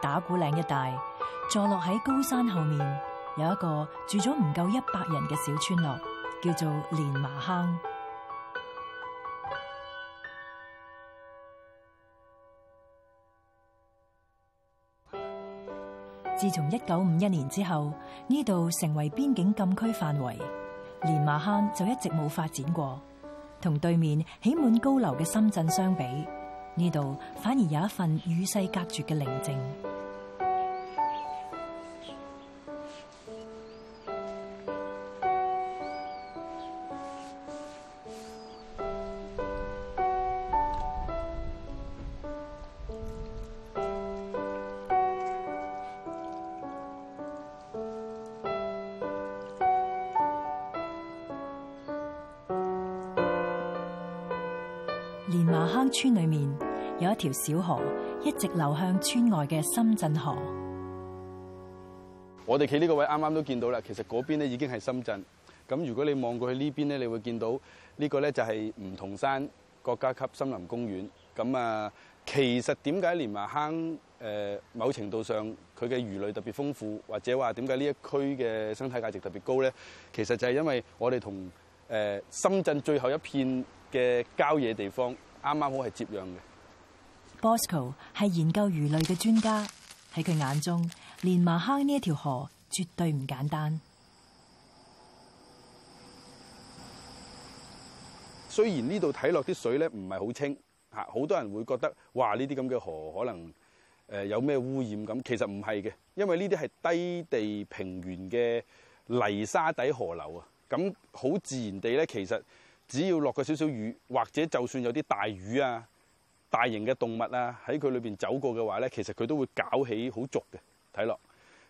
打鼓嶺一帶坐落喺高山後面，有一個住咗唔夠一百人嘅小村落，叫做蓮麻坑。自從一九五一年之後，呢度成為邊境禁區範圍，蓮麻坑就一直冇發展過。同對面起滿高樓嘅深圳相比，呢度反而有一份與世隔絕嘅寧靜。蓮麻坑村裏面有一條小河，一直流向村外嘅深圳河。我哋企呢個位啱啱都見到啦，其實嗰邊咧已經係深圳。咁如果你望過去呢邊咧，你會見到呢個咧就係梧桐山國家級森林公園。咁啊，其實點解蓮麻坑誒某程度上佢嘅魚類特別豐富，或者話點解呢一區嘅生態價值特別高咧？其實就係因為我哋同誒深圳最後一片。嘅郊野地方啱啱好係接壤嘅。Bosco 係研究魚類嘅專家，喺佢眼中，蓮麻坑呢一條河絕對唔簡單。雖然呢度睇落啲水咧唔係好清吓，好多人會覺得哇呢啲咁嘅河可能誒有咩污染咁，其實唔係嘅，因為呢啲係低地平原嘅泥沙底河流啊，咁好自然地咧，其實。只要落個少少雨，或者就算有啲大雨啊，大型嘅動物啊喺佢裏邊走過嘅話呢，其實佢都會攪起好濁嘅睇落。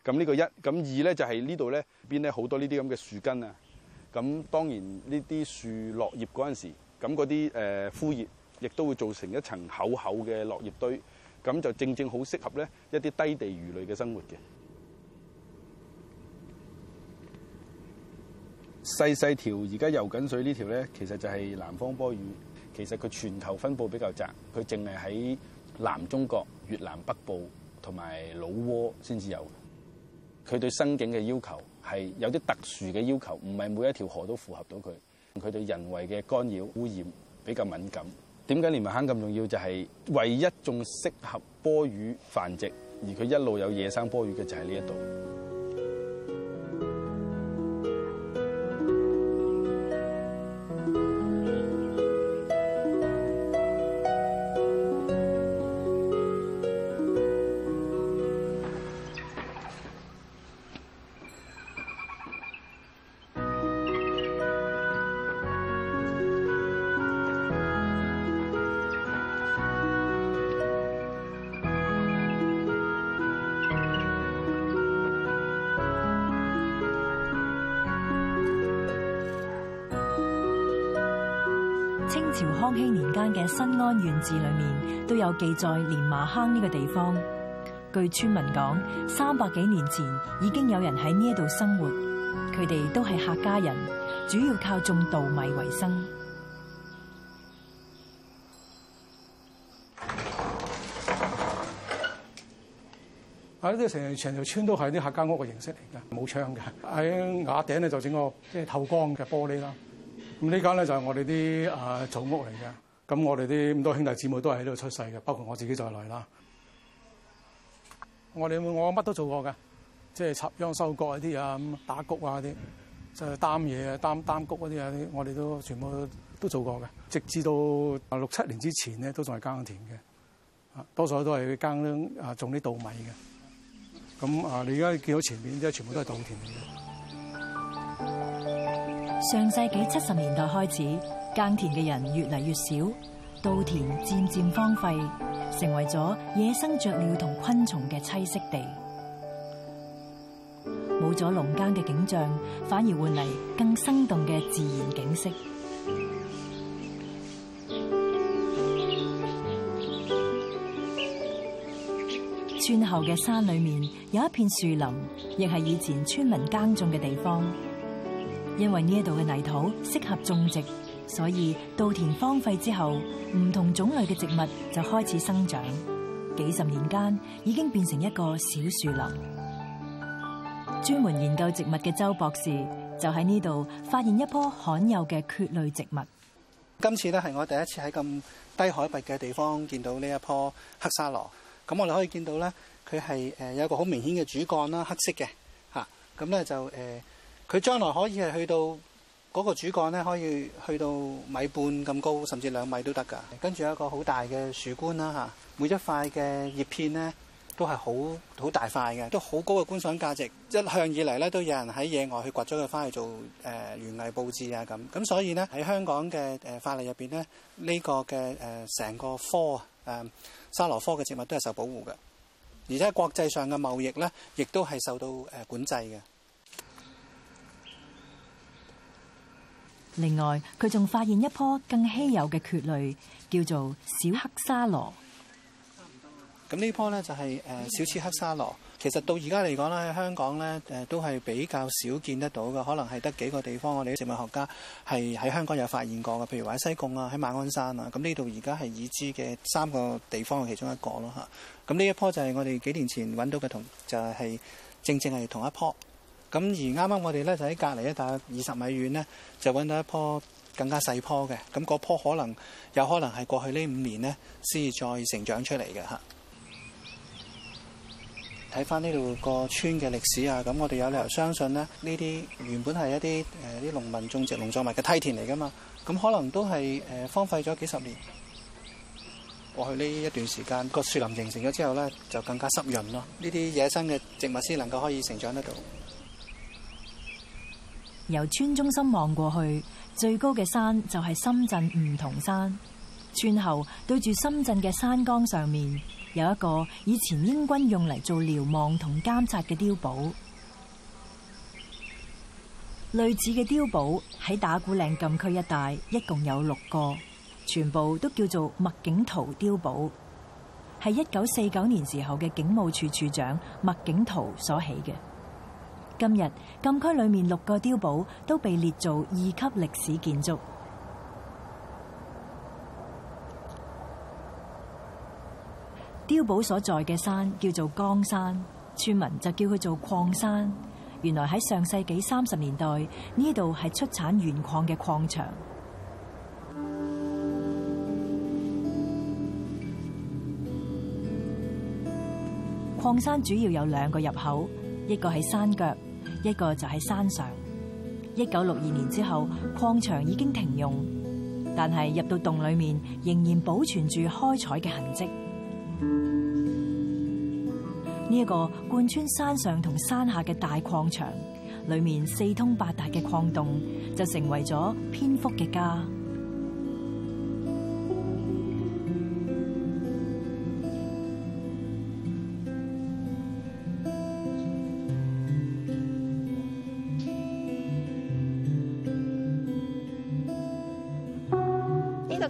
咁呢個一咁二呢，就係呢度呢，邊呢好多呢啲咁嘅樹根啊。咁當然呢啲樹落葉嗰陣時，咁嗰啲誒枯葉亦都會造成一層厚厚嘅落葉堆，咁就正正好適合呢一啲低地魚類嘅生活嘅。細細條而家游緊水呢條咧，其實就係南方波魚。其實佢全球分布比較窄，佢淨係喺南中國、越南北部同埋老撾先至有。佢對生境嘅要求係有啲特殊嘅要求，唔係每一條河都符合到佢。佢對人為嘅干擾、污染比較敏感。點解蓮麻坑咁重要？就係唯一仲適合波魚繁殖，而佢一路有野生波魚嘅就係呢一度。康熙年間嘅《新安縣志》裏面都有記載連麻坑呢個地方。據村民講，三百幾年前已經有人喺呢一度生活，佢哋都係客家人，主要靠種稻米為生。喺呢啲成條成條村都係啲客家屋嘅形式嚟噶，冇窗嘅，喺瓦頂咧就整個即係透光嘅玻璃啦。咁呢間咧就係我哋啲啊祖屋嚟嘅，咁我哋啲咁多兄弟姊妹都係喺度出世嘅，包括我自己在內啦。我哋我乜都做過㗎，即係插秧、收割嗰啲啊，咁打穀啊啲，就擔嘢啊、擔擔穀嗰啲啊，啲我哋都全部都做過嘅。直至到六七年之前咧，都仲係耕田嘅，多數都係耕啊種啲稻米嘅。咁啊，你而家見到前面即係全部都係稻田嚟嘅。上世紀七十年代開始，耕田嘅人越嚟越少，稻田漸漸荒廢，成為咗野生雀鳥同昆蟲嘅棲息地。冇咗農耕嘅景象，反而換嚟更生動嘅自然景色。村後嘅山裏面有一片樹林，亦係以前村民耕種嘅地方。因為呢一度嘅泥土適合種植，所以稻田荒廢之後，唔同種類嘅植物就開始生長。幾十年間，已經變成一個小樹林。專門研究植物嘅周博士，就喺呢度發現一棵罕有嘅蕨類植物。今次咧係我第一次喺咁低海拔嘅地方見到呢一棵黑沙羅。咁我哋可以見到咧，佢係誒有一個好明顯嘅主幹啦，黑色嘅吓，咁咧就誒。呃佢將來可以係去到嗰個主幹呢，可以去到米半咁高，甚至兩米都得㗎。跟住有一個好大嘅樹冠啦，嚇！每一塊嘅葉片呢都係好好大塊嘅，都好高嘅觀賞價值。一向以嚟呢，都有人喺野外去掘咗佢翻去做誒園藝佈置啊咁。咁所以呢，喺香港嘅誒法例入邊呢，呢個嘅誒成個科誒、呃、桫欏科嘅植物都係受保護嘅，而且國際上嘅貿易呢，亦都係受到誒管制嘅。另外，佢仲發現一樖更稀有嘅蕨類，叫做小黑沙羅。咁呢樖呢，就係誒小黑沙羅。其實到而家嚟講呢，喺香港呢誒都係比較少見得到嘅，可能係得幾個地方，我哋啲植物學家係喺香港有發現過嘅。譬如話喺西貢啊，喺馬鞍山啊。咁呢度而家係已知嘅三個地方嘅其中一個咯吓，咁呢一樖就係我哋幾年前揾到嘅同，就係、是、正正係同一樖。咁而啱啱我哋咧就喺隔離大概二十米遠呢，就揾到一樖更加細樖嘅。咁嗰樖可能有可能係過去呢五年呢，先至再成長出嚟嘅。吓，睇翻呢度個村嘅歷史啊，咁我哋有理由相信呢，呢啲原本係一啲誒啲農民種植農作物嘅梯田嚟噶嘛。咁可能都係誒荒廢咗幾十年。過去呢一段時間，個樹林形成咗之後呢，就更加濕潤咯。呢啲野生嘅植物先能夠可以成長得到。由村中心望過去，最高嘅山就係深圳梧桐山。村後對住深圳嘅山崗上面，有一個以前英軍用嚟做瞭望同監察嘅碉堡。類似嘅碉堡喺打鼓嶺禁區一帶一共有六個，全部都叫做麥景圖碉堡，係一九四九年時候嘅警務處處長麥景圖所起嘅。今日禁區裏面六個碉堡都被列做二級歷史建築。碉堡所在嘅山叫做江山，村民就叫佢做礦山。原來喺上世紀三十年代呢度係出產鉛礦嘅礦場。礦山主要有兩個入口，一個喺山腳。一個就喺山上。一九六二年之後，礦場已經停用，但係入到洞裏面仍然保存住開採嘅痕迹。呢一個貫穿山上同山下嘅大礦場，裏面四通八達嘅礦洞，就成為咗蝙蝠嘅家。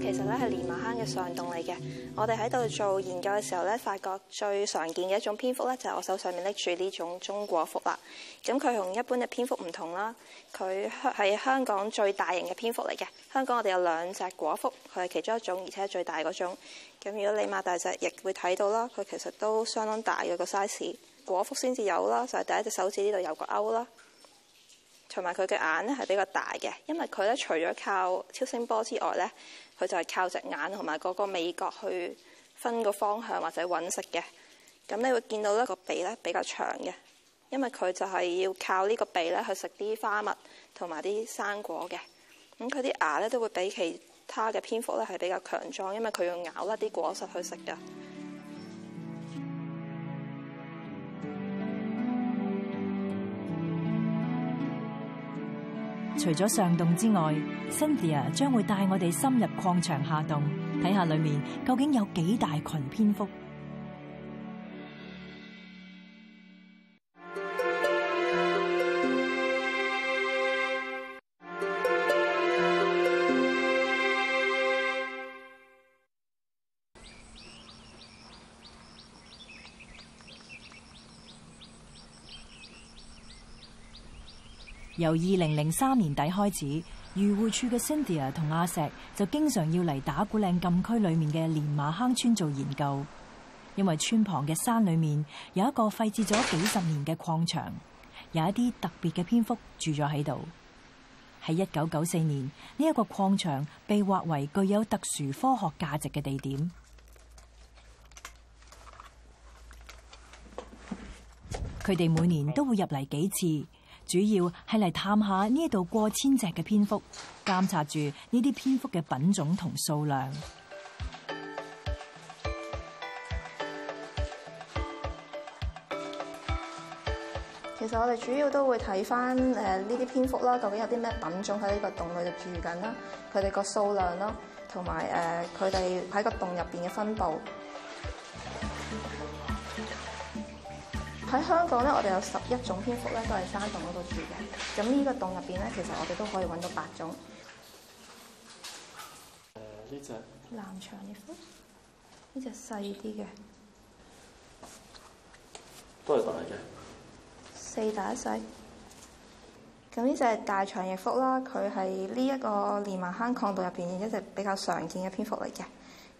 其實咧係蓮麻坑嘅上洞嚟嘅，我哋喺度做研究嘅時候咧，發覺最常見嘅一種蝙蝠咧就係我手上面拎住呢種中果蝠啦。咁佢同一般嘅蝙蝠唔同啦，佢係香港最大型嘅蝙蝠嚟嘅。香港我哋有兩隻果蝠，佢係其中一種，而且最大嗰種。咁如果你擘大隻翼亦會睇到啦，佢其實都相當大嘅個 size。果蝠先至有啦，就係第一隻手指呢度有個勾啦。同埋佢嘅眼咧，係比較大嘅，因為佢咧除咗靠超聲波之外咧，佢就係靠隻眼同埋嗰個味覺去分個方向或者揾食嘅。咁你會見到呢個鼻咧比較長嘅，因為佢就係要靠呢個鼻咧去食啲花蜜同埋啲生果嘅。咁佢啲牙咧都會比其他嘅蝙蝠咧係比較強壯，因為佢要咬一啲果實去食㗎。除咗上洞之外，Cynthia 將會帶我哋深入礦場下洞，睇下裏面究竟有幾大群蝙蝠。由二零零三年底開始，漁護處嘅 Cynthia 同阿石就經常要嚟打鼓嶺禁區裏面嘅蓮麻坑村做研究，因為村旁嘅山裏面有一個廢置咗幾十年嘅礦場，有一啲特別嘅蝙蝠住咗喺度。喺一九九四年，呢一個礦場被劃為具有特殊科學價值嘅地點。佢哋每年都會入嚟幾次。主要係嚟探下呢度過千隻嘅蝙蝠，監察住呢啲蝙蝠嘅品種同數量。其實我哋主要都會睇翻誒呢啲蝙蝠啦，究竟有啲咩品種喺呢個洞裏度住緊啦？佢哋個數量啦，同埋誒佢哋喺個洞入邊嘅分布。喺香港咧，我哋有十一種蝙蝠咧，都係山洞嗰度住嘅。咁呢個洞入邊咧，其實我哋都可以揾到八種。誒、呃，呢隻藍長翼蝠。呢隻細啲嘅。都係大嘅。四大一細。咁呢隻係大長翼蝠啦，佢係呢一個蓮麻坑礦洞入邊嘅一隻比較常見嘅蝙蝠嚟嘅。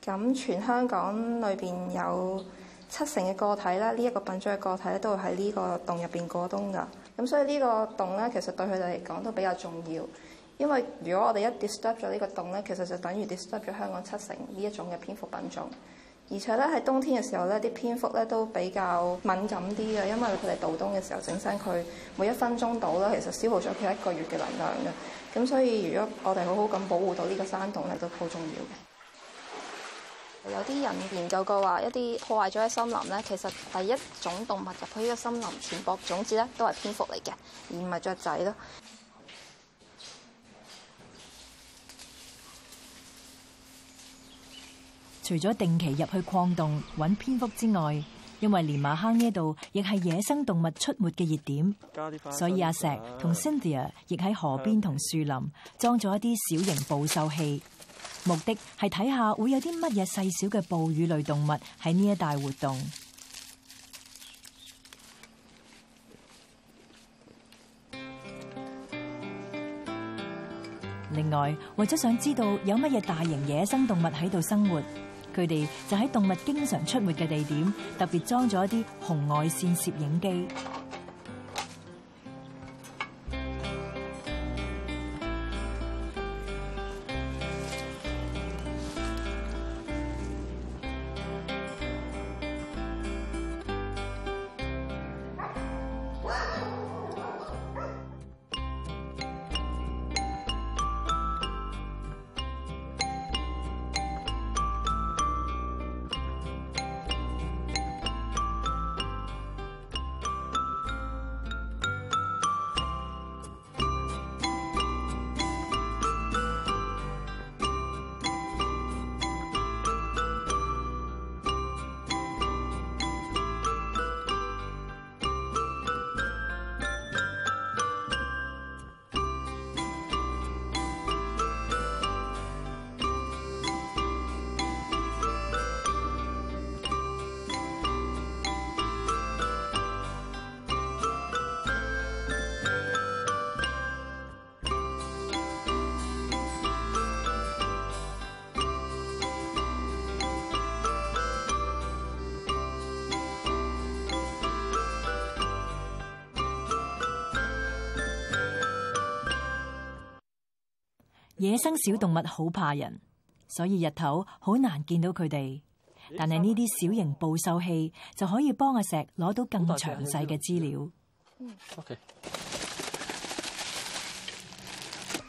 咁全香港裏邊有。七成嘅個體啦，呢一個品種嘅個體咧，都會喺呢個洞入邊過冬噶。咁所以呢個洞咧，其實對佢哋嚟講都比較重要。因為如果我哋一 disturb 咗呢個洞咧，其實就等於 disturb 咗香港七成呢一種嘅蝙蝠品種。而且咧喺冬天嘅時候咧，啲蝙蝠咧都比較敏感啲嘅，因為佢哋度冬嘅時候整身佢每一分鐘到啦，其實消耗咗佢一個月嘅能量嘅。咁所以如果我哋好好咁保護到呢個山洞咧，都好重要嘅。有啲人研究過話，一啲破壞咗嘅森林咧，其實第一種動物入去呢個森林傳播種子咧，都係蝙蝠嚟嘅，而唔係雀仔咯。除咗定期入去礦洞揾蝙蝠之外，因為蓮麻坑呢度亦係野生動物出沒嘅熱點，點所以阿石同 Cindy 啊，亦喺河邊同樹林裝咗一啲小型捕獸器。目的係睇下會有啲乜嘢細小嘅哺乳類動物喺呢一帶活動。另外，為咗想知道有乜嘢大型野生動物喺度生活，佢哋就喺動物經常出沒嘅地點特別裝咗一啲紅外線攝影機。野生小動物好怕人，所以日頭好難見到佢哋。但係呢啲小型捕獸器就可以幫阿石攞到更詳細嘅資料。嗯、OK，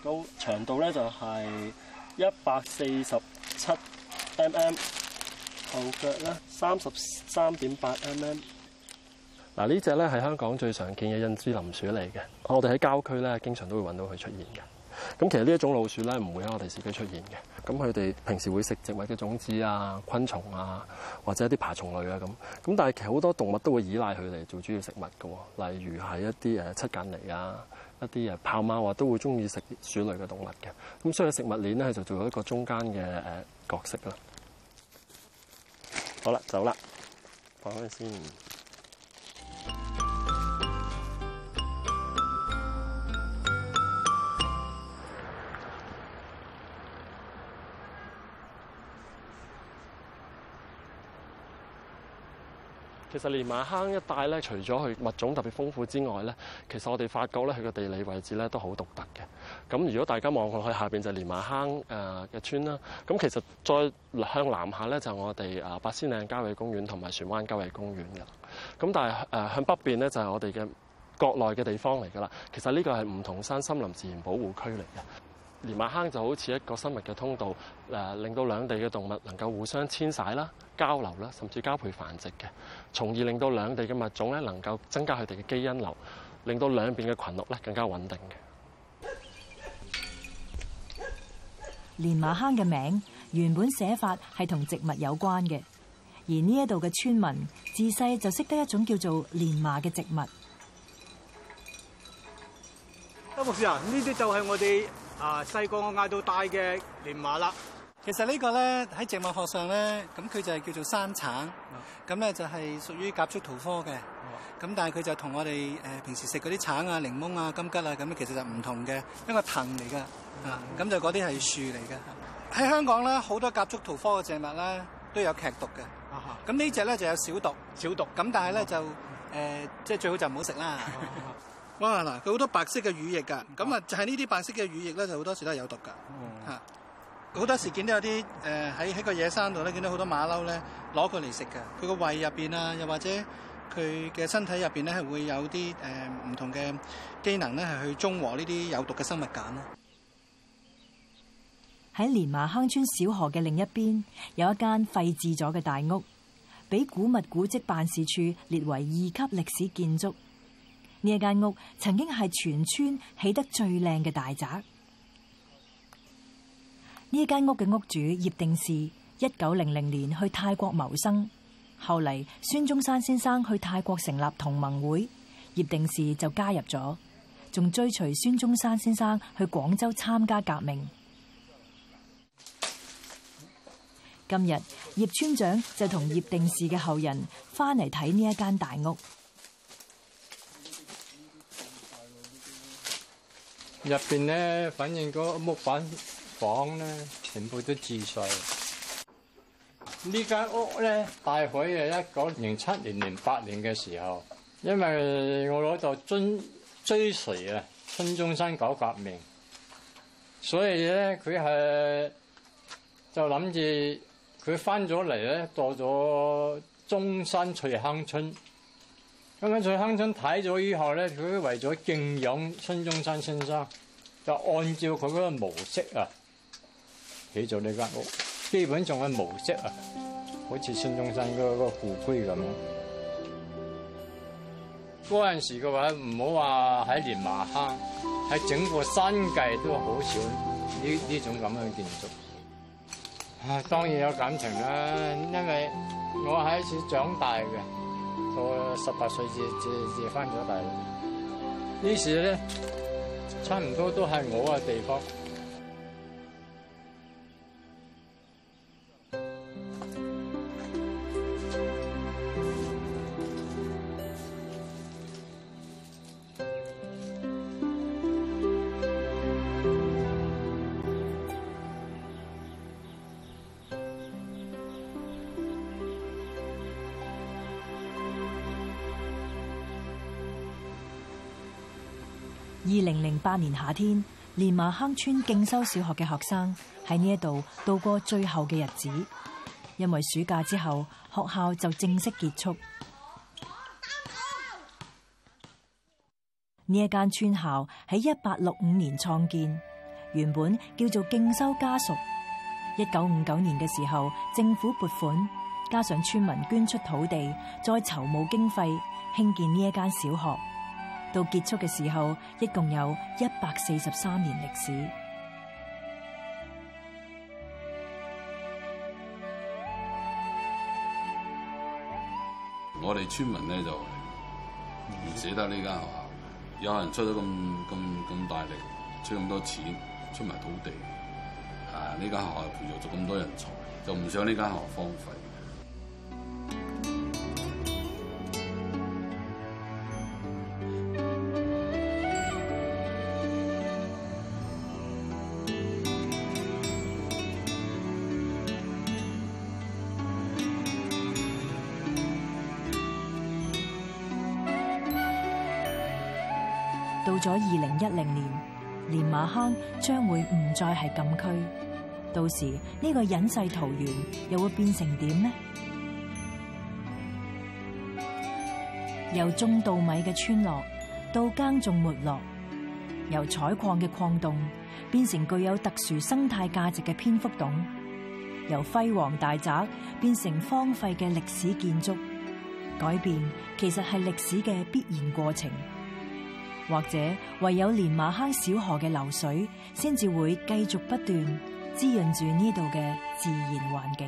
高長度咧就係一百四十七 mm，後腳咧三十三點八 mm。嗱，呢隻咧係香港最常見嘅印支林鼠嚟嘅。我哋喺郊區咧，經常都會搵到佢出現嘅。咁其實呢一種老鼠咧，唔會喺我哋市區出現嘅。咁佢哋平時會食植物嘅種子啊、昆蟲啊，或者一啲爬蟲類啊咁。咁但係其實好多動物都會依賴佢嚟做主要食物㗎喎，例如係一啲誒七間狸啊、一啲誒豹貓啊，都會中意食鼠類嘅動物嘅。咁所以食物鏈咧就做一個中間嘅誒角色啦。好啦，走啦，放開先。其實蓮麻坑一帶咧，除咗佢物種特別豐富之外咧，其實我哋發覺咧，佢個地理位置咧都好獨特嘅。咁如果大家望落去下邊就係蓮麻坑誒嘅村啦。咁其實再向南下咧就係我哋誒八仙嶺郊野公園同埋船灣郊野公園噶啦。咁但係誒向北邊咧就係我哋嘅國內嘅地方嚟噶啦。其實呢個係梧桐山森林自然保護區嚟嘅。蓮麻坑就好似一個生物嘅通道，誒，令到兩地嘅動物能夠互相遷徙啦、交流啦，甚至交配繁殖嘅，從而令到兩地嘅物種咧能夠增加佢哋嘅基因流，令到兩邊嘅群落咧更加穩定嘅。蓮麻坑嘅名原本寫法係同植物有關嘅，而呢一度嘅村民自細就識得一種叫做連麻嘅植物。阿博士啊，呢啲就係我哋。啊，細個我嗌到大嘅蓮麻啦。其實個呢個咧喺植物學上咧，咁佢就係叫做山橙，咁咧、嗯、就係屬於夾竹桃科嘅。咁、嗯、但係佢就同我哋誒、呃、平時食嗰啲橙啊、檸檬啊、金桔啊咁其實就唔同嘅，一個藤嚟噶。嗯、啊，咁就嗰啲係樹嚟嘅。喺香港咧，好多夾竹桃科嘅植物咧都有劇毒嘅。咁、嗯、呢隻咧就有小毒，小毒。咁但係咧、嗯、就誒，即、呃、係最好就唔好食啦。嗯 哇！嗱，佢好多白色嘅乳液噶，咁啊就係呢啲白色嘅乳液咧，就好多時都係有毒噶吓。好、嗯、多時見到有啲誒喺喺個野山度咧，見到好多馬騮咧攞佢嚟食噶。佢個胃入邊啊，又或者佢嘅身體入邊咧，係會有啲誒唔同嘅機能咧，係去中和呢啲有毒嘅生物鹼啦。喺蓮麻坑村小河嘅另一邊，有一間廢置咗嘅大屋，俾古物古蹟辦事處列為二級歷史建築。呢一間屋曾經係全村起得最靚嘅大宅。呢間屋嘅屋主葉定仕，一九零零年去泰國謀生，後嚟孫中山先生去泰國成立同盟會，葉定仕就加入咗，仲追隨孫中山先生去廣州參加革命。今日葉村長就同葉定仕嘅後人返嚟睇呢一間大屋。入邊咧，反正嗰木板房咧，全部都住曬。這呢間屋咧，大概係，一九零七年、零八年嘅時候，因為我老豆追追隨啊，孫中山搞革命，所以咧佢係就諗住佢翻咗嚟咧，到咗中山翠亨村。咁樣在鄉村睇咗以後咧，佢為咗敬仰孫中山先生，就按照佢嗰個模式啊，起咗呢間屋。基本上嘅模式啊，好似孫中山嗰個故居咁。嗰陣時嘅話，唔好話喺蓮麻坑，喺整個新界都好少呢呢種咁樣嘅建築。啊，當然有感情啦，啊，因為我喺處長大嘅。我十八歲至至至返咗大陸，呢時咧差唔多都係我嘅地方。二零零八年夏天，連麻坑村敬修小學嘅學生喺呢一度度過最後嘅日子，因為暑假之後學校就正式結束。呢開一間村校喺一八六五年創建，原本叫做敬修家塾。一九五九年嘅時候，政府撥款，加上村民捐出土地，再籌募經費興建呢一間小學。到結束嘅時候，一共有一百四十三年歷史。我哋村民咧就唔捨得呢間學校，有人出咗咁咁咁大力，出咁多錢，出埋土地，啊！呢間學校培育咗咁多人才，就唔想呢間學校荒廢。到咗二零一零年，蓮麻坑將會唔再係禁區。到時呢個隱世桃源又會變成點呢？由種稻米嘅村落到耕種沒落，由採礦嘅礦洞變成具有特殊生態價值嘅蝙蝠洞，由輝煌大宅變成荒廢嘅歷史建築，改變其實係歷史嘅必然過程。或者唯有蓮麻坑小河嘅流水，先至會繼續不斷滋潤住呢度嘅自然環境。